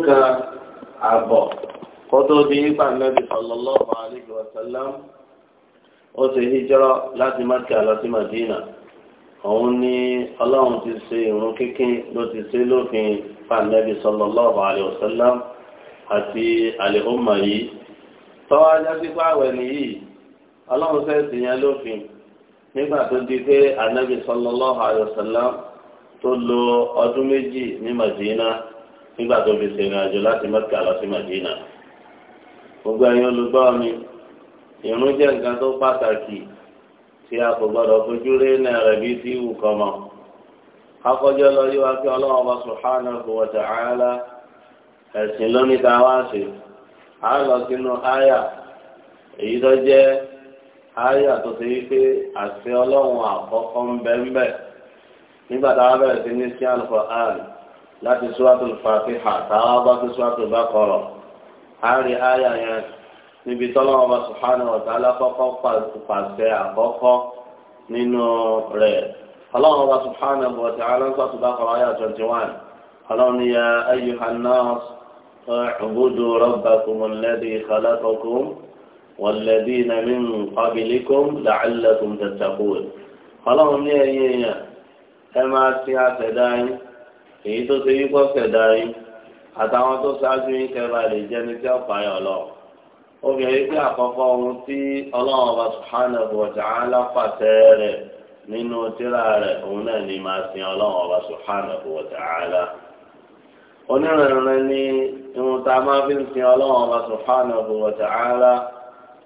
ọdún kan àbọ̀ kótó di nípa nàbì sallallahu alaihi wa sallam ó ṣe hijrọ láti Mákà lọ sí Màdínà òun ni ọlọ́run ti ṣe ìrun kíkín ló ti ṣe lófin fànàbì sallallahu alaihi wa sallam àti àlèhùnmà yìí tọ́wọ́ ajá sí pààwẹ̀ nìyí ọlọ́run sẹ́ẹ̀sì yẹn lófin nígbà tó di pé ànàbì sallallahu alaihi wa sallam tó lo ọdún méjì ní Màdínà nígbà tó fi ṣe ìrìn àjò láti Mẹ́kà lọ sí Màdínà gbogbo ẹ̀yin olùgbọ́ mi ìrun jẹ́ nǹkan tó pàtàkì tí a kò gbọdọ̀ fojú rí náà rẹ̀ bí tí wù kọ́ akọjọ lọ yí wa kí ọlọ́run bá subhanahu wa ta'ala ẹ̀sìn lónìí tá a wá sí a lọ sínú àyà èyí tó jẹ́ àyà tó ṣe wípé àti ọlọ́run àkọ́kọ́ ń bẹ́ẹ̀ nígbà tá bẹ̀rẹ̀ sí ní sí Al-Qur'an láti suratul Fatiha táwa bá tó suratul Baqara àárín àyà yẹn níbi tọ́lọ́wọ́ bá subhanahu wa ta'ala kọ́kọ́ pàṣẹ àkọ́kọ́ nínú rẹ̀ ọlọ́wọ́ bá subhanahu wa ta'ala suratul Baqara àyà twenty one ọlọ́run ya ayyuhan nas u'budu rabbakumul ladhi khalaqakum walladhina min qablikum la'allakum tattaqun ọlọ́run ní ẹ̀yìn èèyàn ẹ máa ti àtẹ̀dá yín. èyí tó ṣe wípé ọ̀kẹ́dà yín àtàwọn tó ṣáájú yín kẹfà lè jẹ́ ní tí ọ̀pá yọ̀ lọ. obìnrin pé àkọ́kọ́ ohun tí ọlọ́run ọba subhanahu wa ta'ala pàṣẹ rẹ̀ nínú tíra rẹ̀ òun náà na máa sin ọlọ́run ọba ni tá a máa fi ń sin ọlọ́run ọba subhanahu wa ta'ala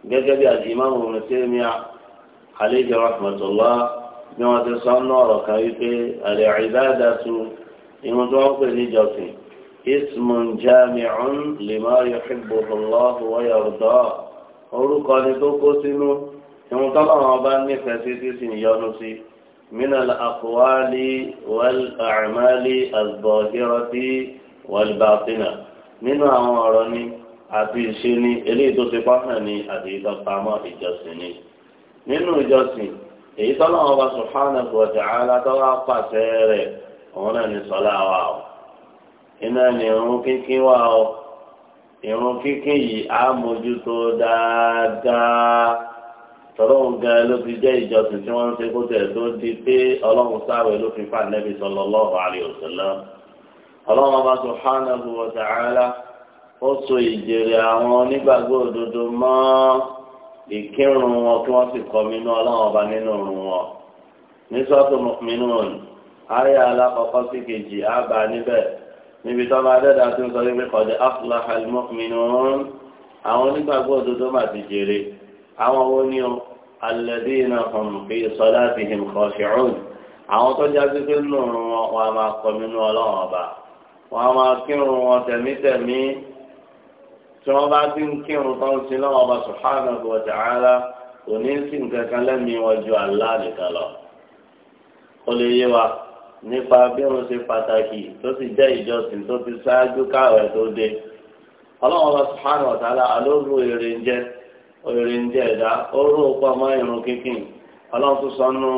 gẹ́gẹ́ bí irun tó wọ́n pè ní ìjọsìn ismun jami'un lima yuhibbuhu Allah wa yarda orúkọ ni tó kó sínú irun tó lọ́wọ́ bá nífẹ̀ẹ́ sí sí sì yọnu sí minal aqwali wal a'mali az-zahirati wal batina nínú àwọn ọ̀rọ̀ ni àti ìṣe ni eléyìí tó ti pàṣẹ ni àti ìdọ̀pamọ́ ìjọsìn ni nínú ìjọsìn èyí tọ́lọ́wọ́ bá subhanahu wa ta'ala tọ́wọ́ pàṣẹ rẹ̀ òun náà ní sọlá wa o iná ní irun kíkí wa o irun kíkí yìí á mójútó dáadáa tọ́lọ́hún gan ló ti jẹ́ ìjọsìn tí wọ́n ń ṣe kó tẹ̀ tó di pé ọlọ́run sáwẹ̀ ló fi fà nẹ́bí sallallahu alaihi wasallam ọlọ́run ọba subhanahu wa ta'ala ó so ìjèrè àwọn onígbàgbọ́ òdodo mọ́ ìkírun wọn kí wọ́n sì kọ́ mi ní ọba nínú òrùn wọn ní sọ́tò mu'minun ayé alákọ̀ọ́kọ́ sí kejì á bá níbẹ̀ níbi tó máa dẹ́dà tó ń sọ wípé kọ̀dé aflaha almu'minun àwọn onígbàgbọ́ òdodo máa ti jèrè àwọn wo ni o alladina hum fi salatihim khashi'un àwọn tó já sí pé wọn wọn a máa kọ nínú ọlọ́run ọba wọn a máa kírun wọn tẹ̀mítẹ̀mí tí wọ́n bá ti ń kírun tó ń sin lọ́wọ́ ọba subhanahu wa ta'ala kò ní sí nǹkan lẹ́mìí wọn ju Allah lọ. ó lè yé wa. nípa bí wọn ṣe pàtàkì tó sì jẹ́ ìjọsìn tó ti ṣáájú káwẹ̀ tó dé ọlọ́run ọba sùpánù jẹ èrè jẹ ẹ̀dá pọ̀ mọ́ irun ọlọ́run tó sọ nù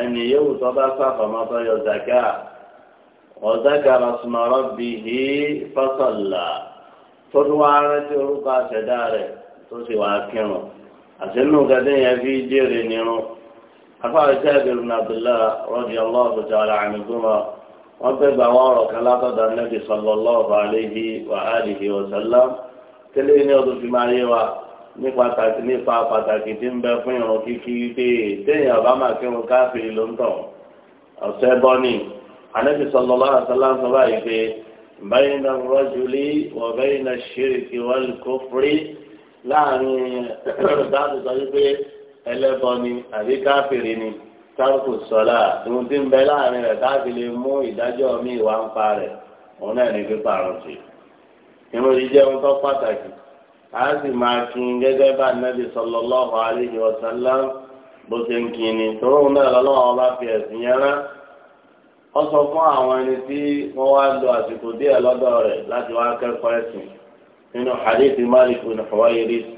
ẹni yóò tọ́ bá sàfàmọ́ tó yọ zaka ọ̀zaka rasumọ̀rọ̀ bihi fasọ̀là tó tún wá rántí orúkọ àṣẹdá rẹ̀ tó sì wá kírun àti nínú gàdé yẹn fi jèrè nírun afáàrí sẹ́ẹ̀bìrì nàbìlá rọ́jì ọlọ́ọ̀bù tí ara àmì gbọ́mọ wọ́n pẹ́ gba àwọn ọ̀rọ̀ kan látọ̀dọ̀ nẹ́bí sọlọ́ọ̀lọ́ọ̀bù àléhi wàhálì ìwọ̀sálá kílé ní ọdún fi máa yé wa ní pàtàkì nípa pàtàkì tí ń bẹ fún ìrun kíkí wípé déyìn ọba máa kírun káfíìn ló ń tọ̀ ọ̀sẹ̀ bọ́ni anabi sallallahu alaihi wasallam sọ báyìí pé bayna ar-rajuli wa bayna ash-shirki wal-kufri láàrin dáàbò sọ wípé ẹlẹ́bọ ni àbí káfíìn ni tárùkù sọlá tòun ti ń bẹ láàrin rẹ̀ káfíìn lè mú ìdájọ́ mi ìwà ń pa rẹ̀ òun náà ní pípa àrùn sí. yìí jẹ́ ohun tó pàtàkì. a sì máa kin gẹ́gẹ́ bá nàbì sallallahu alayhi wa sallam bó ṣe ń kin ni tòun náà lọ́lọ́wọ́ bá fi ẹ̀sìn yẹn ó sọ fún àwọn ẹni tí wọ́n wá lo àsìkò díẹ̀ lọ́dọ̀ rẹ̀ láti wá kẹ́kọ̀ọ́ ẹ̀sìn nínú hadith Malik bin Huwayrith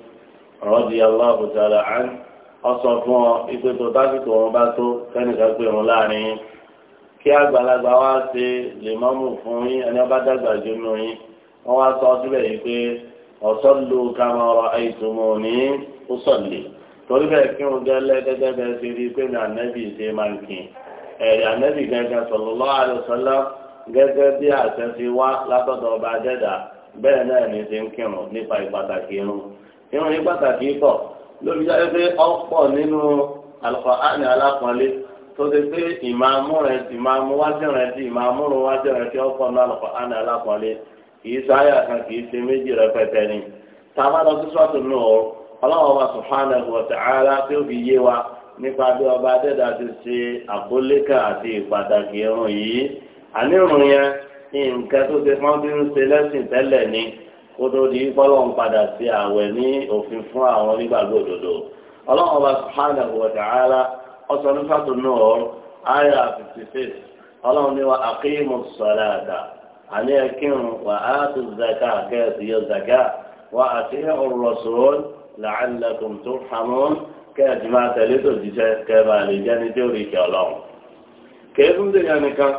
radiyallahu ta'ala anhu ó sọ fún ọ ipe tó dásìkò wọn bá tó kẹ́nìkan wọn láàrin yín kí àgbàlagbà wá ṣe lè mọ́mù fún yín ẹni ọba dàgbà yín wọ́n wá sọ síbẹ̀ yìí pé ọ̀sọ́lù kama ọ̀rọ̀ àìsùnmọ̀ ní ọ̀sọ̀lẹ̀ torí bẹ́ẹ̀ kí gẹ́lẹ́ gẹ́gẹ́ bẹ́ẹ̀ ṣe rí pé ní ànẹ́bì ṣe máa ń kí ẹ̀rí ànẹ́bì gẹ́gẹ́ sallallahu alaihi gẹ́gẹ́ bí àṣẹ ti wá látọ̀dọ̀ ọba dẹ́dà bẹ́ẹ̀ náà ní ṣe ń kírun nípa ìpàtàkì irun irun ní pàtàkì pọ̀ lórí pé nínú tó ti pé wájú kì í sáyà kan kì í ṣe méjì rẹpẹtẹ ni tàbá lọ sí sọ́ọ̀tù náà ọlọ́wọ́n wa subhanahu wa ta'ala tí ó fi yé wa nípa bí ọba ti ṣe àkólékà àti ìpàtàkì irun yìí àní yẹn ní nǹkan tó ṣe fún bí ń ṣe lẹ́sìn tẹ́lẹ̀ ni kó tó di kọ́lọ̀ ń padà sí àwẹ̀ ní òfin fún àwọn onígbàgbọ́ òdodo ní sọ́ọ̀tù náà àní ẹkírun wà á tó zaka kẹ́ẹ̀sì yọ zaka wà á ti hẹ́ ọ̀rọ̀ sọ̀rọ̀ làálẹ̀kùn tó hàmọ́n kẹ́ẹ̀sì máa tẹ̀lé tó jíṣẹ́ kẹ́ẹ̀bà lè jẹ́ni tó rí ìkẹ́ ọlọ́run. kẹ́ẹ̀sùn dènyà nìkan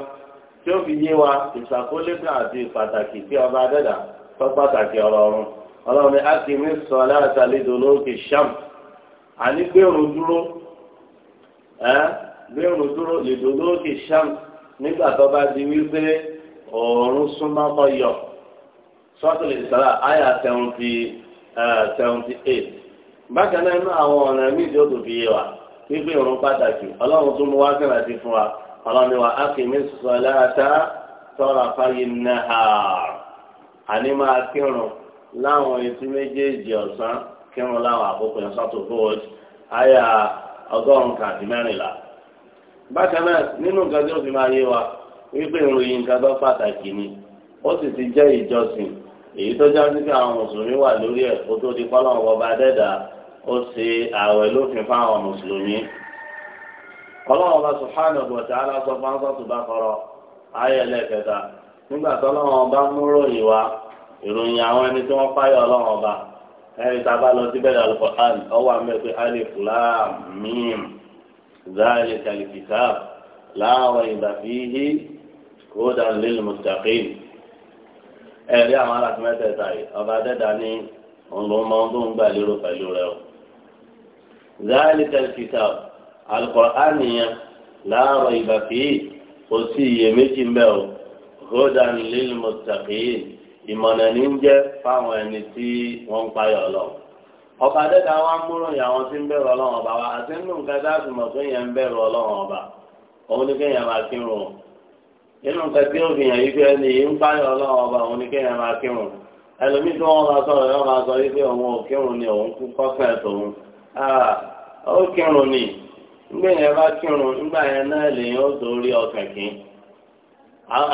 tí ó fi yé wa ìṣàkólékà àti pàtàkì tí ọba adẹ́dà tó pàtàkì ọ̀rọ̀ ọlọ́run ni a kì ní sọ aláàtàlẹ́dọ̀ lókè sham àní gbẹ̀rún dúró ẹ́ gbẹ̀rún dúró lẹ́dọ̀ lókè sham nígbà tó bá di wípé òòrùn súnmọ́ kọ́ yọ sọ́tòlì sara àyà seventy seventy eight bákan náà inú àwọn ọ̀nà míì tí ó tó fi yé wa wípé òun pàtàkì ọlọ́run tó mú wá kẹ́rẹ́ àti fún wa ọlọ́run ni wa á kì í mi sọ láta tọ́ra fáyé náà àní máa kírun láwọn etí méjèèjì ọ̀sán kírun láwọn àkókò yẹn sọ́tò fowójì ọgọ́rùn-ún kàdí mẹ́rìnlá bákan náà nínú nǹkan tí ó fi máa yé wa. wípé ìròyìn nǹkan tó pàtàkì ni ó sì ti jẹ́ ìjọsìn èyí tó já sí pé àwọn mùsùlùmí wà lórí ẹ̀ kó tó di dẹ́dà ó ṣe ààwẹ̀ lófin mùsùlùmí. wa sọ fún bá kọ́rọ̀ ayé lẹ́ẹ̀kẹta nígbà ọba mú ròyìn wá ìròyìn àwọn ẹni tí wọ́n fáyọ̀ ọlọ́run ọba ẹni tá a bá lọ síbẹ̀ mee quran ọwọ́ àmì ẹ̀pẹ́ kódà lílù mùsàkìm ẹ̀rí àwọn alákùnmẹ́tẹ̀ẹ̀ta yìí ọba dẹ́dà ní ọ̀nlọ́mọ tó ń gbà lérò pẹ̀lú rẹ o. zaalika alkitab alqur'an yẹn la rayba fihi kò sí iyèméjì ń bẹ o kódà lílù mùsàkìm ìmọ̀nà ní ń jẹ́ fáwọn ẹni tí wọ́n ń payọ̀ lọ. ọba dẹ́dà wa ń múrò yà wọn tí ń bẹ̀rù ọlọ́run ọba wa àti nínú nǹkan dáàbò mọ̀ pé yẹn ń bẹ̀rù ọlọ́run ọba òun ní kéèyàn máa kírun nínú nǹkan tí ó fi ẹni yìí ń báyọ̀ ọlọ́run ọba òun ní kéèyàn máa kírun ẹlòmíì tí wọ́n bá sọ̀rọ̀ yóò máa sọ wípé òun ò kírun ni òun kú kọ́fẹ́ tòun ó kírun ni nígbà yẹn bá kírun nígbà yẹn náà lèyìn ó torí ọkàn kí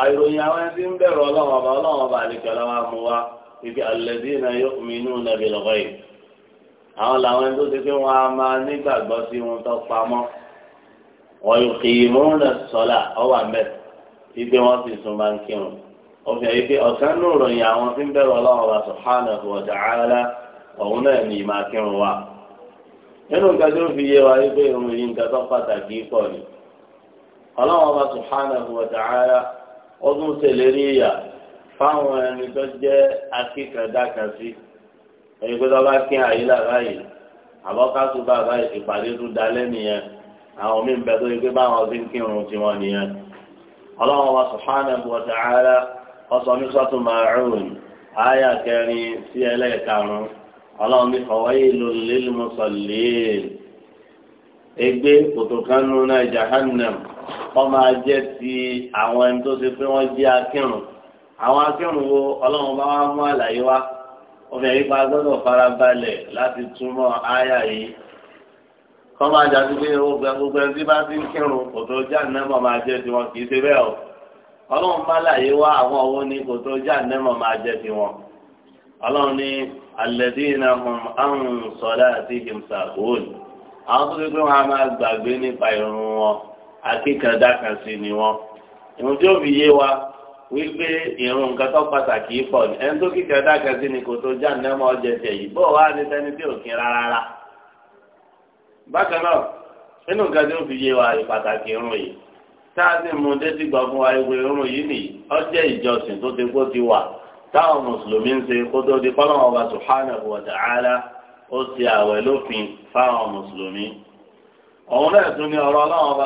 àìròyìn àwọn ẹni ń bẹ̀rù ọlọ́run ọba ọlọ́run ọba àlejò ọlọ́wà mú ibi alladhina yu'minuna bil ghaib àwọn làwọn ẹni tó ti pé wọn ibi wọn sì tún máa ń kírun ọ̀fẹ́ ibi ọ̀kan nù ròyìn àwọn tí ń bẹ̀rù ọlọ́run wa subhanahu wa ta'ala òun náà ní ìmọ̀ wa nínú nǹkan tó fi yé wa wípé òun yìí nǹkan tó pàtàkì pọ̀ ni ọlọ́run wa subhanahu wa ó tún ìyà fáwọn ẹni tó jẹ́ ẹni pé bá kí báyìí ìpàdé dalẹ́ nìyẹn àwọn ọlọ́run wa subhanahu wa ta'ala ọsọ ní sọ́tún ma'arun àyà kẹrin sí ẹlẹ́ẹ̀karùn-ún ọlọ́run ní fawailul lil musallin egbe kòtòkánú náà jahannam wọ́n máa jẹ́ ti àwọn ẹni tó ṣe pé wọ́n jẹ́ akírun àwọn akírun wo ọlọ́run bá wá mú àlàyé wá wọ́n fi pa gbọ́dọ̀ farabalẹ̀ láti túmọ̀ àyà yìí kọ́má jáde pé gbogbo ẹni tí bá ti ń kírun kòtò jáànẹ́mọ̀ máa jẹ́ tiwọn kì í ṣe bẹ́ẹ̀ o ọlọ́run bá láàyè wá àwọn owó ní kòtò jáànẹ́mọ̀ máa jẹ́ tiwọn ọlọ́run ní alẹ́dínà àwọn sọ̀dá àti himsa òun àwọn tó ti pé wọn a máa gbàgbé nípa ìrun wọn akíkandákan sí ni wọn ìrun tí ó fi yé wa wípé ìrun nǹkan tó pàtàkì pọ̀ ẹni tó kíkandákan sí ni kòtò jáànẹ́mọ̀ ọjẹ́ tẹ̀ bákan náà nínú nǹkan tí ó fi yé wa pàtàkì irun yìí tá a fún wa ìwé irun yìí nìyí ìjọsìn tó ti kó ti wà táwọn mùsùlùmí ń ṣe kó ọba ó ti àwẹ̀ lófin fáwọn mùsùlùmí. náà tún ní ọ̀rọ̀ ọba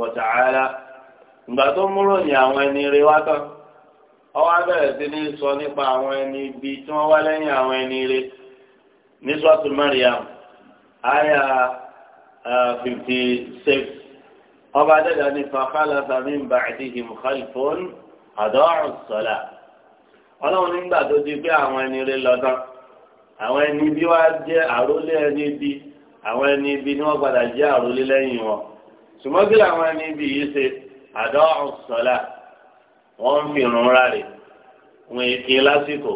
wa ta'ala ìgbà tó múrò ní àwọn ẹni rí wá tán ọwọ́ abẹ́rẹ́ sí ní sọ nípa àwọn ẹni ibi tí wọ́n wá lẹ́yìn àwọn ẹni rí ní àyà uh, fifty six ọba dẹ́gbà ní fàkàlà sàmì ń bá àdìhì mùkàlìfọ́n àdọ́rùn sọ́là ọlọ́run nígbà tó ti pé àwọn ẹni rẹ lọ́tàn àwọn ẹni bí wá jẹ́ àrólé ẹni bí àwọn ẹni bí ni wọ́n padà jẹ́ àrólé lẹ́yìn wọn sùmọ́gìlì àwọn ẹni bí yìí ṣe àdọ́rùn sọ́là wọ́n ń fi ìrun rárẹ̀ wọ́n èké lásìkò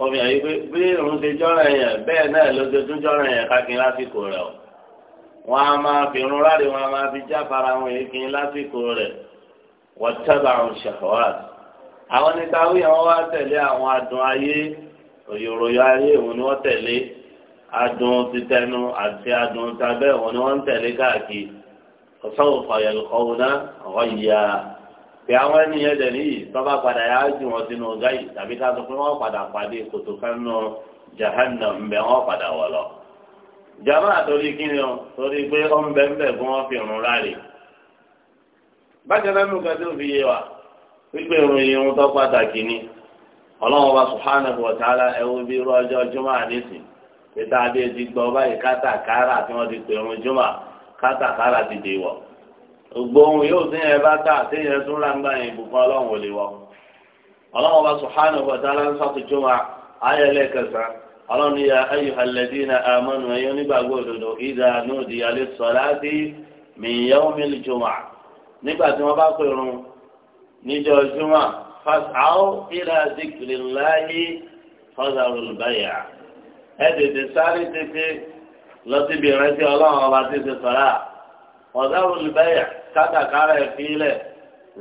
omi àyè pé bí òun ṣe jọ́ra yẹn bẹ́ẹ̀ náà ló ṣe tún jọ́ra yẹn kákin lásìkò rẹ̀ o wọn a máa fi irun ráre wọn a máa fi jáfara wọn yìí kin lásìkò rẹ̀ wọ́n tẹ́lẹ̀ àrùn ṣàkọ́wà àwọn níta wí àwọn wá tẹ̀lé àwọn adùn ayé òyòròyò ayé òun ni wọ́n tẹ̀lé adùn titẹnu àti adùn tabẹ́ òun ni wọ́n tẹ̀lé káàkiri ọ̀sán òfàyẹ̀lùkọ́ wọn pé àwọn ènìyàn dẹ̀ níyì tọ́ba padà yá jù wọn sínú ọ̀gá yìí tàbí ká sọ pé padà pàdé kòtò kan nù mbẹ wọn padà wọ̀ lọ. jama torí kíni o torí pé ó ń bẹ ń bẹ fún wọn fi rún láre. tó fi yé ni ọlọ́run ti gbọ́ báyìí kátàkárà tí gbogbo ohun yóò sí yẹn bá tà sí yẹn tún láǹgbà yẹn ìbùkún ọlọ́run ò lè wọ. ọlọ́run bá subhanahu wa ta'ala ń sọ́tù jùmọ̀ ayé lẹ́kẹsàn ọlọ́run ní ayyuhal ladina amanu ẹ̀yọ́ nígbàgbọ́ òdodo idha nudiya lis-salati min yawmil jùmọ̀ nígbà tí wọ́n bá pè run níjọ́ jùmọ̀ fas'aw ila dhikrillahi fadharul bay'a ẹ̀ tètè sáré tètè lọ síbi ìrántí ọlọ́run ọba tètè sọ̀rọ̀ ọ̀dàrú lùbẹ́yà kátàkárà ẹ̀ fílẹ̀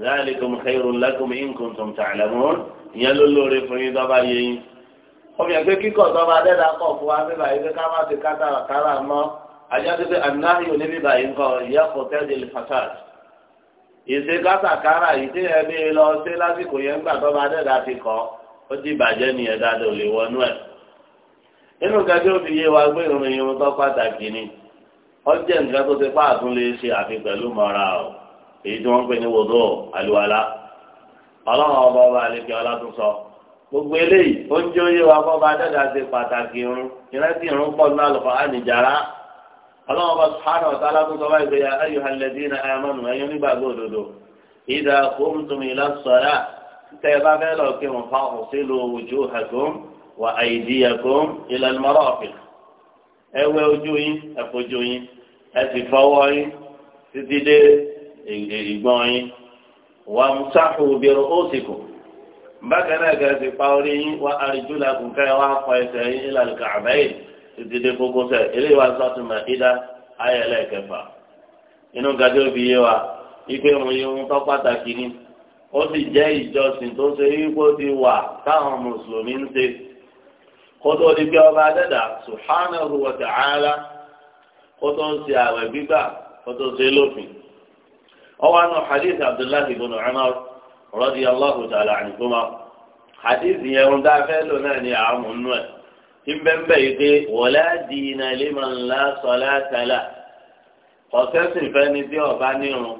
zalikum khairun lakum in kuntum ta'lamun ìyẹn ló lóore fún yín tó bá yé yín. ọmọ ìgbé kíkọ̀ tó bá dẹ́dà kọ̀ fún wa bíbá yìí pé ká má ti kátàkárà mọ́ ajásí pé anáhì òní bíbá yìí kọ ìyá kò tẹ́lẹ̀ fasad. ìṣe kátàkárà ìṣe ẹbí lọ sí lásìkò yẹn gbà tó bá ti kọ́ ó ti bàjẹ́ nìyẹn dáadáa lè wọnú ẹ̀. inú kẹjọ́ fi yé wa gbé ìròyìn tó pàtàkì ni ọjọ́ nǹkan tó ti fà tún lè ṣe àfi pẹ̀lú mọ́ra o èyí tí wọ́n ń pè ní wòdó àlùwalá ọlọ́run ọba ọba àlejò ọlátúnsọ gbogbo eléyìí ó ń jó yé wa kọ́ bá dáadáa ṣe pàtàkì irun ìrántí irun pọ̀ nínú àlùkò ànìjàrá ọlọ́run ọba sùhánà ọ̀tá alátúnsọ báyìí pé ayyuhal ladina amanu ẹ̀yọ́ nígbàgbọ́ òdodo idha qumtum ila salah ẹ bá fẹ́ lọ kírun fáwọn sílùú wujuhakum wa aydiyakum ila al ẹ wẹ ojú yín ẹ fojú yín ẹ sì fọwọ́ yín títí dé ìgbọ́n yín wà mùsáfù bẹ̀rù ó sì kù bákan náà kẹ́ ẹ sì pa orí yín wà àrùjú làkùn kẹ́ ẹ wà pa ẹsẹ̀ yín ìlànà kàbẹ́yìn títí dé kókó sẹ̀ eléyìí wà sọ́tùmọ̀ ìdá ayẹlẹ́ kẹfà inú gàdé òbí yé wa ìpè wọn yé wọn tó pàtàkì ni ó sì jẹ́ ìjọsìn tó ṣe wípé ó ti wà táwọn mùsùlùmí ń ṣe kótó ní bí ọba dẹ́dà subhanahu wa ta'ala kótó ń ṣe àwẹ̀ gbígbà kótó ń ṣe lófin. ọwọ́ àná hadith abdullahi ibn umar radiyallahu ta'ala anhuma hadith yẹn ń dá fẹ́ lò náà ní àmú nù ẹ̀ tí bẹ́ẹ̀ bẹ́ẹ̀ pé wala dina liman la salata la kọ̀ọ̀sẹ́sìn fẹ́ni tí ọba nírun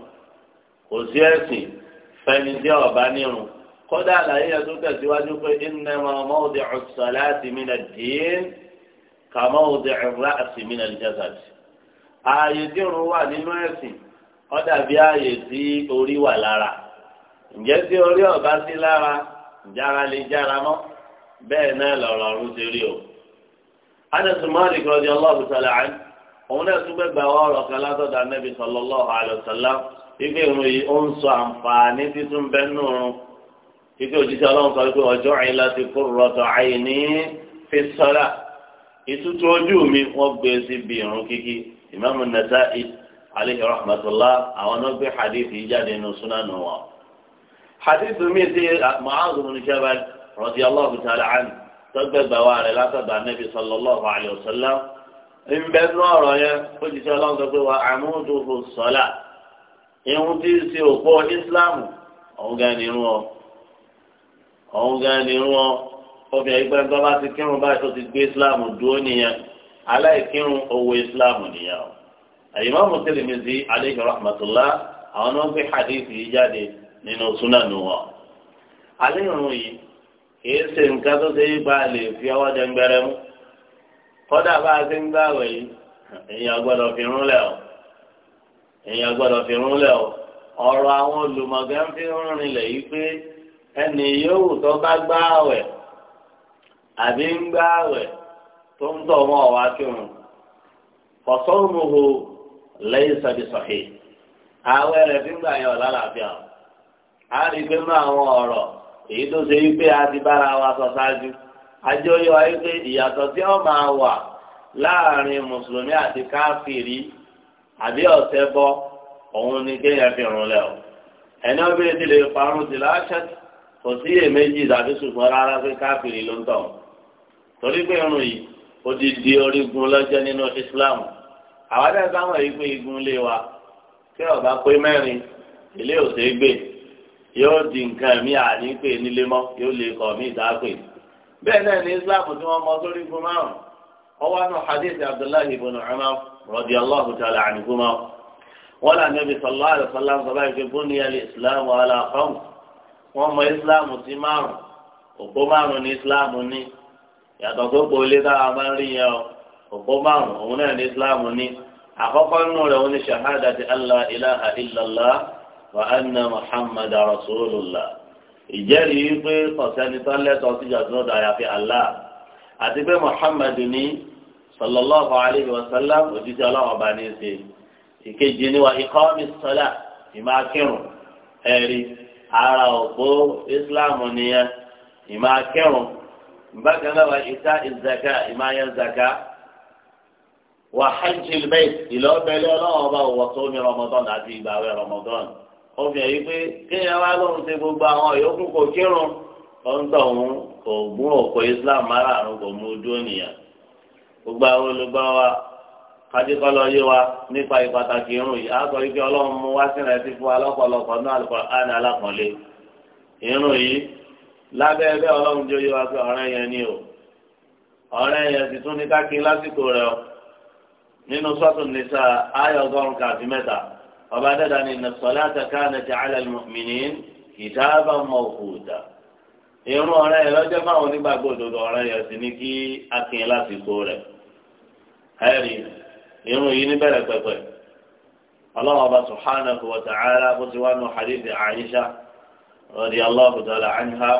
kò sí ẹ̀sìn fẹ́ni tí ọba nírun kódà àlàyé yẹn tó tẹ̀síwájú pé innama mawdi'u salati mina ad-din ka mawdi'u ar-ra'si mina al-jasad ààyè tí òun wà nínú ẹ̀sìn ó dàbí ààyè tí orí wà lára ǹjẹ́ tí orí ọ̀bá sí lára jára lè jára mọ́ bẹ́ẹ̀ náà lọ̀rọ̀ ọ̀run ṣe rí o. Anas Malik radiyallahu ta'ala anhu òun náà tún gbẹgbẹ àwọn ọ̀rọ̀ kan látọ̀dọ̀ Ànábì sallallahu alaihi wasallam ibi ìrùn yìí ó ń sọ àǹfààní títún bẹ́ẹ̀ nù ife òjijì ọlọ́run sọ wípé ọjọ́ àyìn láti kó rọ̀tọ̀ àyìn ní fi sọ́ra ìtútù ojú mi wọ́n gbé síbi ìrún kíkí ìmáàmù Nasa'i aleyhi rahmatullah àwọn náà gbé hadith yìí jáde nínú súnánù wọn. hadith mi ti Mu'adh bin Jabal radiyallahu ta'ala anhu tọ́gbẹ́gbà wa rẹ̀ látọ̀dọ̀ anábì sallallahu alayhi wa sallam ńbẹ́ nú ọ̀rọ̀ yẹn òjijì ọlọ́run sọ pé wà ọ̀hún gan ni wọn obìnrin pẹ́ tó bá ti kírun báyìí tó ti gbé islam dúró nìyẹn aláìkírun owó islam nìyẹn o àyìnbá mùsùlùmí aleyhi rahmatulah àwọn náà gbé hadith yìí jáde nínú súnánù wọn. aléhùn yìí kìí ṣe nǹkan tó ṣe é bá a lè fi ọwọ́ dẹ́ngbẹ́rẹ́ mú kọ́dà bá a ń fi rúnlẹ̀ o èèyàn gbọ́dọ̀ fi o ọ̀rọ̀ àwọn fi ẹnì yòówù tó bá gbá àwẹ̀ àbí ń gbá àwẹ̀ tó ń tọ̀ mọ́ ọ̀wá kírun fọ̀sọ́mùhù lẹ́yìn sọ́dísọ̀hì àwẹ̀ rẹ̀ fi ń gbà yẹn ọ̀la á rí pé mú àwọn èyí tó ṣe wípé a ti bára wa sọ ṣáájú ajọ́ yọ ayé pé ìyàtọ̀ tí ó máa wà láàrin mùsùlùmí àti kò sí èméjì tàbí ṣùgbọ́n rárá pé káfíìrì ló ń tọ̀ torí pé irun yìí ó ti di orígun lọ́jọ́ nínú Islam àwọn ẹ̀dá sáwọn yìí pé igun lé wa kí ọba pé mẹ́rin ilé òsè gbé yóò di nǹkan mi àní pé nílé mọ́ yóò lè kọ́ mi ìdápè bẹ́ẹ̀ náà ní Islam tí wọ́n mọ sórí igun márùn ọwọ́ àná hadith Abdullahi ibn wọn sọ báyìí pé bóni ala khams. wọ́n mọ ìsìláàmù sí márùn òpó márùn ní ìsìláàmù ní yàtọ̀ tó pọ̀ ilé táwa máa ń rí yẹn o òpó márùn òun náà ní ìsìláàmù ní àkọ́kọ́ nínú rẹ̀ òun ní shahadati allah ilaha illallah wa anna muhammad rasulullah ìjẹ́rìí wípé ọ̀sẹ́ni tó lẹ́tọ̀ọ́ sí jàdúrà àyàfi allah àti pé muhammad ní sallallahu alayhi wa sallam òjijì ọlọ́wọ́ ní í ṣe ìkejì ni wa iqamis salah ìmáa kírun ẹ̀rí. ara òpó ìsìláàmù nìyẹn ìmọ̀ akẹ́rùn bákan náà wà ìta ìzàká ìmọ̀ ayé zàká wà hajj ilbẹ́t ìlọ́bẹ̀lẹ́ ọlọ́wọ́ bá wọ̀ tó ní rọmọdán àti ìgbàwẹ̀ rọmọdán obìnrin yìí pé kéèyàn wá lóhùn sí gbogbo àwọn yòókù kò kírun ó ń tọ̀ òun kò gún ìsìláàmù kò mú gbogbo àwọn kájíkọ́ lọ yé wa nípa ìpàtàkì irun yìí àgọ́ ibi ọlọ́run mú wá sínú ẹtí fún wa lọ́pọ̀lọpọ̀ náà àná alákànlé irun yìí lábẹ́ ẹgbẹ́ ọlọ́run jó yé wa pé ọ̀rẹ́ yẹn ni o ọ̀rẹ́ yẹn sì tún ní káàkiri lásìkò rẹ o nínú sọ́tún nìsa ayọ̀ ọgọ́rùn-ún kàbí mẹ́ta ọba dẹ́dá ni nàṣọlá àtàkà nàjà alẹ́ mìíràn kìtàbà mọ̀kúta irun ọ̀rẹ́ yẹn lọ́jọ́ máa onígbàgbọ́ òdodo ọ̀rẹ́ yẹn sì ní kí akin lásìkò rẹ̀ ẹ̀rí irun yìí níbẹ̀rẹ̀ pẹ̀pẹ̀ ọlọ́run ọba subhanahu wa ta'ala bó ti wá nù hadith Aisha radiyallahu ta'ala anha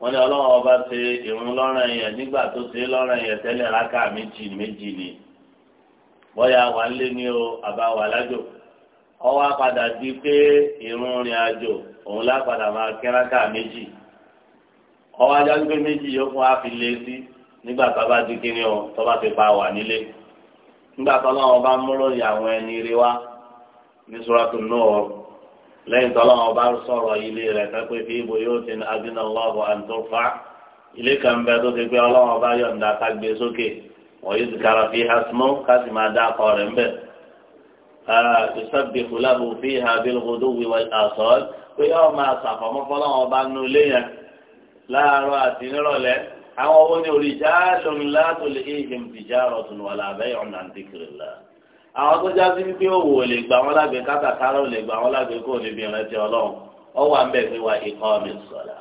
wọ́n ní ọlọ́run ọba ṣe irun lọ́rùn ẹ̀yẹ nígbà tó ṣe lọ́rùn yẹn tẹ́lẹ̀ rákà méjì méjì ni wà ń lé ní o àbá wà lájò di pé irun rìn àjò òun lápadà máa méjì méjì yóò fún wa fi lé sí nígbà tó bá di kíní nígbà tọ́lọ́wọ́n bá múlò yà àwọn ẹni rí wa ní sùràtù Nur lẹ́yìn tọ́lọ́wọ́n bá sọ̀rọ̀ ilé rẹ̀ pẹ́pẹ́ fi ibo yóò ti adínà lọ́ọ̀bù àǹtọ́fà ilé kan bẹ tó ti pé ọlọ́wọ́n bá yọ̀ǹda ká gbé sókè wọ́n yóò ti kára fi hasmọ́ ká sì máa dá akọ rẹ̀ ńbẹ̀. ìsọ́bìkú lábò fi hà bílgòdó wíwá àsọ́ọ́ pé yóò máa àwọn owó ní oríjà lónìlá tó lè éhìm tìjà ọ̀tún wà lábẹ́ ọ̀nà àdìkìrìlá àwọn tó jásí wípé òwò ò lè gbà wọn lágbè kátàkárà ò lè gbà wọn lágbè kó níbi ìrántí ọlọ́run ọ wà ń bẹ̀ pé wà ikọ́ mi sọ̀la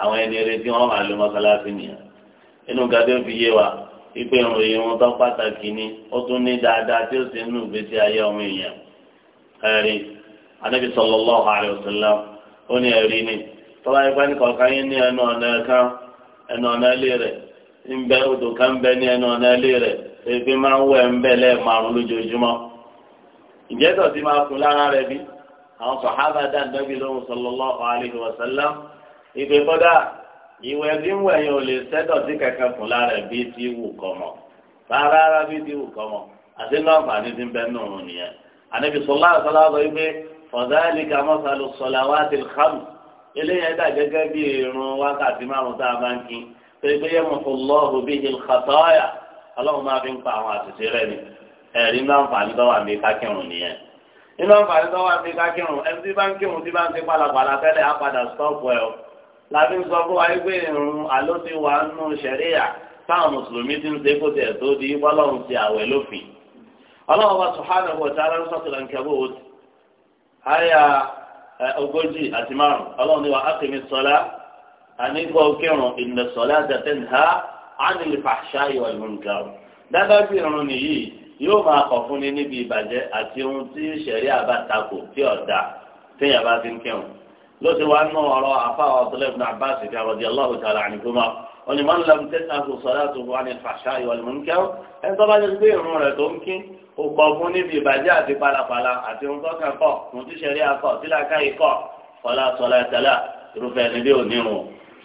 àwọn ẹni retí wọn máa lo mọ́sálásí nìyẹn inú gadé fi yé wa ipe ìròyìn wọn tó pàtàkì ni ó tún ní dáadáa tí ó sì nù gbèsè ayé ọmọ èèyàn ẹ̀rí anábì sallallahu alaihi wasallam ó ní ẹ̀rí ni tọ́lá ipá ní kọ̀ọ̀kan yín ní ẹnu ọ̀nà ẹ̀kan ẹnu ọ̀nà ilé rẹ̀ ńbẹ odò kan bẹ ní ẹnu ọ̀nà ilé rẹ̀ ebi máa ń wẹ̀ ńbẹ lẹ́ẹ̀márùn lójoojúmọ́ ìjẹ́tọ̀ ti máa kun lára rẹ̀ bí àwọn sọ̀hábà dá nàbí lóhùn sallallahu alaihi wa sallam ìgbé bọ́dà ìwẹ̀ bí ń wẹ̀ yẹn ò lè sẹ́dọ̀ sí kẹ̀kẹ́ kun lára rẹ̀ bí ti wù kọ́mọ́ rárá bí ti wù kọ́mọ́ àti nọ́ọ̀fà ní ti ń bẹ́ eléyìí dà gẹ́gẹ́ bí irun wákàtí márùn tá a bá ń kí pé pé yẹ mọ̀kò lọ́ọ̀hù bí hil xatọ́yà ọlọ́run máa fi ń pa àwọn àṣìṣe rẹ̀ ni ẹ̀rí náà nfààní tó wà ní kákírun nìyẹn nínú nfààní tó wà ní kákírun ẹni tí bá ń kírun tí bá ń ti palapàla tẹ́lẹ̀ á padà stọ́ọ̀pù o làbí ń sọ fún wa pé irun àló ti wà nù sẹ̀ríyà táwọn mùsùlùmí ti ń ṣe kó tiẹ̀ tó di bọ́lọ́run ti àwẹ̀ lófin ọlọ́run wa subhanahu wa ta'ala ń sọ́kùnrin kẹ́bù ogójì àti márùn ọlọ́run ní wa ákèmí sọlá àníkọ́ kírun ìnà sọlá dàtẹ́n ha ánìlì fàṣà ìwà ìmúǹkà o dábàá bí irun nìyí yóò máa kọ̀ fún ni níbi ìbàjẹ́ àti ohun tí sẹ̀rí àbá takò tí ọ̀dà téèyàn bá fi ń kírun ló ti wá nù ọ̀rọ̀ àfa ọ̀tọ́lẹ́bùn àbáṣe kí àwọn ọ̀dí ọlọ́run tààrà àníkó máa ọ̀nì máa ń lam tẹ́sán àti sọ̀rọ̀ àti òwò àni fàṣà ìwàlùmọ̀ nìkẹ́ ọ́ ẹni tó bá jẹ́ pé ìrun rẹ̀ tó ń kí ó kọ̀ fún níbi ìbàjẹ́ àti palapala àti ohun tó kàn kọ̀ ohun tí sẹ́rí akọ̀ tí làákà yìí kọ̀ fọlá sọlá ìtàlá irúfẹ́ ẹni bí òní rùn.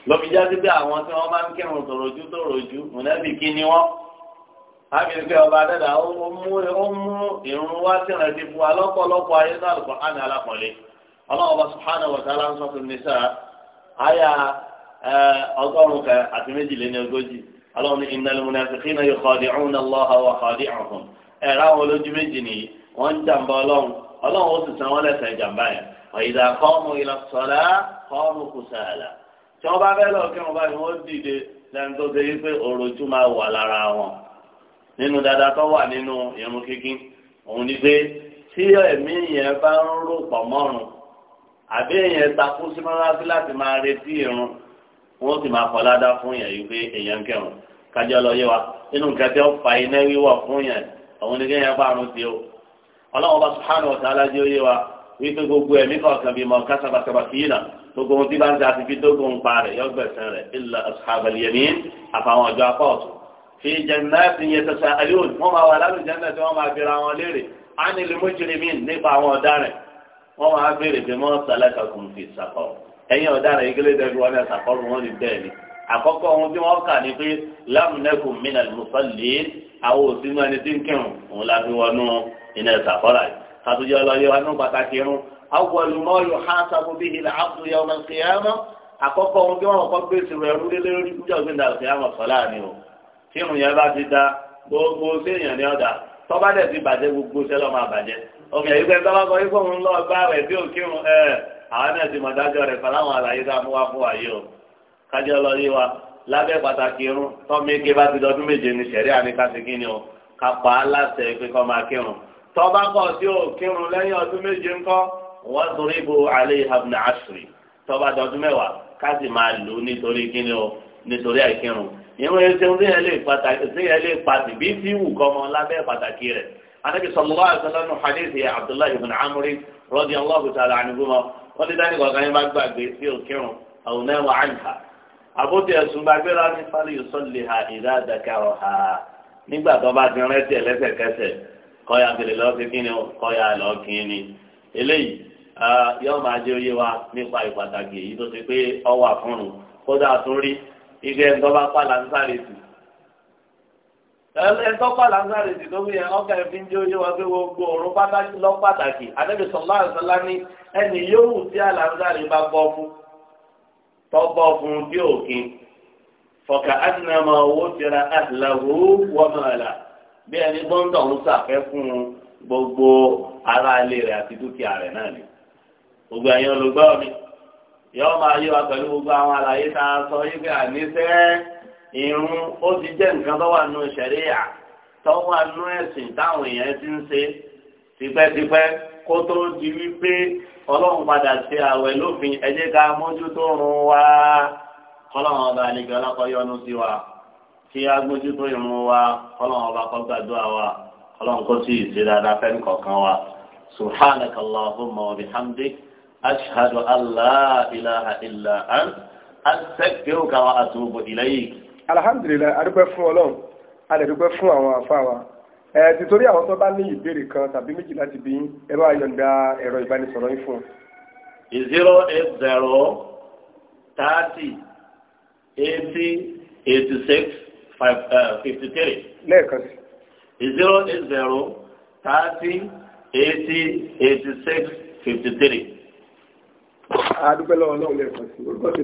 lóbi jáde pé àwọn tí wọ́n máa ń kírun tòròjú tòròjú mùnẹ́bì kí ni wọ́n. ábìrìkẹ́ ọba dẹ́dà ó mú ìrun wá tìrẹ̀ ti fún wa lọ́pọ̀lọpọ̀ ayé náà lọ́pọ̀ Eh, ọgọ́rùn-ún kan àti méjìléní ogójì ọlọ́run ní innal munafiqina yukhadi'una Allaha wa khadi'uhum ẹ̀rọ àwọn olójú méjì nìyí wọ́n ń jàǹbá ọlọ́run ọlọ́run ó sì san wọ́n lẹ́sẹ̀ jàǹbá yẹn wa idha qamu ila salat qamu kusala tí wọ́n bá fẹ́ lọ kí wọ́n bá ní wọ́n dìde lẹ́nu tó wọ́n sì máa kọ́lá dá fún yẹn yìí pé èèyàn kẹrùn kájọ lọ yé wa nínú nǹkan tí ó fa iná wíwọ̀ fún yẹn òun ni kéèyàn bá rún sí o ọlọ́wọ́n bá subhanahu wa ta'ala jẹ́ oyé wa wípé gbogbo ẹ̀mí kọ̀ọ̀kan bíi mọ̀ kásábàkábà kì í nà gbogbo ohun tí bá ń ṣe àti fi dógún ń pa rẹ̀ yọ gbẹ̀sán rẹ̀ illa ashabal yamin àfàwọn ọjọ́ apá ọ̀tún fi jannatin yatasa'alun wọ́n máa wà lálùjá náà tí máa fi ra léèrè ánìlú nípa àwọn ọ̀daràn wọ́n máa béèrè pé mọ́ sálẹ́kàkùn fi sàkọ̀ọ̀ ẹ̀yin ọ̀daràn ìgbélé dẹ́gbẹ́ wọn náà sàkọ́rù wọn ní bẹ́ẹ̀ ni àkọ́kọ́ ohun tí wọ́n kà ní pé lámùnẹ́kù mìíràn mùsọ̀lì àwọn òsínú ẹni tí ń kírun òun la fi wọnú iná ìsàkọ́rà yìí kàtúnjẹ ọlọ́yẹ wa nínú pàtàkì irun awọ́lu mọ́ọ̀lù hásábù bí ilẹ̀ abdul yawma kìyàmọ́ àkọ́kọ́ ohun tí wọ́n kọ́ gbé sí rẹ̀ lórí ìjọ gbẹ̀dà kìyàmọ́ sọ́lá ni o kírun yẹn bá ti da gbogbo séèyàn ní ọ̀dà tọ́ba dẹ̀ ti bàjẹ́ gbogbo sẹ́lọ́ máa bàjẹ́ ọmọ àwọn náà ti mọ̀dájọ́ rẹ̀ pẹ̀lú àwọn àlàyé tá a mú wá fún wa yìí o kájọ lọ yé wa lábẹ́ pàtàkì irun bá ti dọdún méje ní sẹ̀rí àníkàsí kí ni o ká pa á láṣẹ pé kọ́ máa kírun tọ́ba kọ̀ o kírun lẹ́yìn ọdún méje ńkọ́ wọ́n torí bo alẹ́ ìhàbùnà àṣírí tọ́ba dọdún mẹ́wàá ká sì máa lò nítorí kí ni o nítorí àìkírun ìrún ẹsẹ̀ lè pàtàkì bí wọ́n ti dání kọ̀ọ̀kan yín bá gbàgbé sí òkèrùn àwọn náà wà á nìkà àbótí ẹ̀sùn gbàgbéra ní fáliyù sọ́ọ̀lì ha ìdá àdàkàrọ̀ ha nígbà tó bá ti rántí ẹ̀ lẹ́sẹ̀kẹsẹ̀ kọ́ya gbèrè lọ́ọ́ fi kí ni kọ́ya lọ́ọ́ kí ni eléyìí yóò máa jẹ́ oyé wa nípa ìpàtàkì èyí tó ti pé ọwà fúnrun kódà tún rí igi ẹ̀ bá pàlà ń sáré sí ẹtọ́ pàlànsáré ti tó yẹ ọkà ẹ̀fín jẹ́ oyé wa pé gbogbo ọ̀rọ̀ pàtàkì lọ pàtàkì àtẹ́bí sọ̀lá àṣọlá ní ẹnì yóò tí gbo bá bọ́ fún tọ́ bọ́ fún bí òkè fọ̀kà ánàmà owó tẹ̀ra àlàwò wọ́mọ̀lá bí ẹni bọ́ńdọ̀ ń sàfẹ́ fún gbogbo ara ilé rẹ̀ àti dúkìá rẹ̀ náà ni gbogbo ẹ̀yin olùgbọ́ mi yọ máa pẹ̀lú irun ó ti jẹ́ nǹkan tó wà nù ṣẹ̀ríyà tó wà nù ẹ̀sìn táwọn èèyàn ti ń ṣe tipẹ́tipẹ́ kó tó di wípé ọlọ́run padà ṣe àwẹ̀ lófin ẹ jẹ́ ká mójútó run wá kọ́lọ́run ọba àlejò ọlọ́kọ̀yọ́nu sí wa kí a mójútó irun wa kọ́lọ́run ọba kó gbàdúrà wa kọ́lọ́run kó sì ṣe dáadáa fẹ́ni kọ̀ọ̀kan wa subhanaka allahumma wa bihamdik ashhadu an ilaha illa ant astaghfiruka wa atubu ilayk alhamdulillah adúpẹ́ fún ọlọ́run adẹ̀dúpẹ́ fún àwọn àfa wa ẹ̀ ti torí àwọn tó bá ní ìbéèrè kan tàbí méjì láti bí ẹ bá yọ̀ǹda ẹ̀rọ ìbánisọ̀rọ̀ yín fún zero eight zero thirty eighty eighty six uh, fifty three. lẹ́ẹ̀kan sí. zero eight zero thirty eighty eighty six fifty three. adúpẹ́ lọ́wọ́ náà lẹ́ẹ̀kan sí